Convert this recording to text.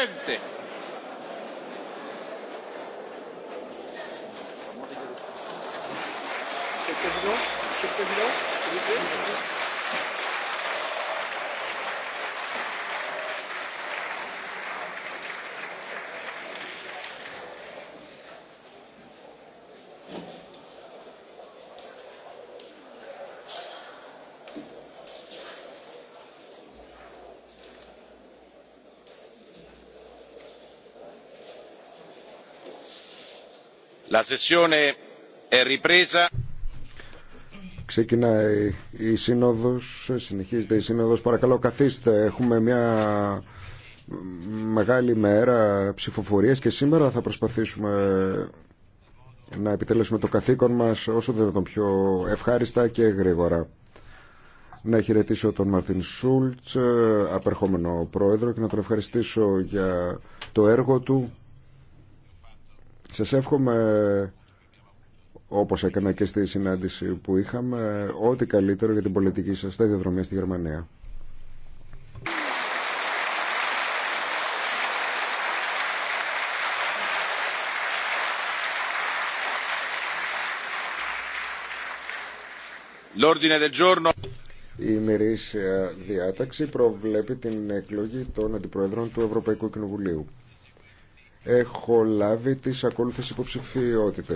Presidente. Monsieur le Président, Monsieur La sessione è ripresa. Ξεκινάει η σύνοδος, συνεχίζεται η σύνοδος. Παρακαλώ καθίστε, έχουμε μια μεγάλη μέρα ψηφοφορίες και σήμερα θα προσπαθήσουμε να επιτελέσουμε το καθήκον μας όσο δυνατόν πιο ευχάριστα και γρήγορα. Να χαιρετήσω τον Μαρτίν Σούλτ, απερχόμενο πρόεδρο και να τον ευχαριστήσω για το έργο του σας εύχομαι, όπως έκανα και στη συνάντηση που είχαμε, ό,τι καλύτερο για την πολιτική σας δρομή στη Γερμανία. Η ημερήσια διάταξη προβλέπει την εκλογή των αντιπροεδρών του Ευρωπαϊκού Κοινοβουλίου έχω λάβει τις ακόλουθες υποψηφιότητες.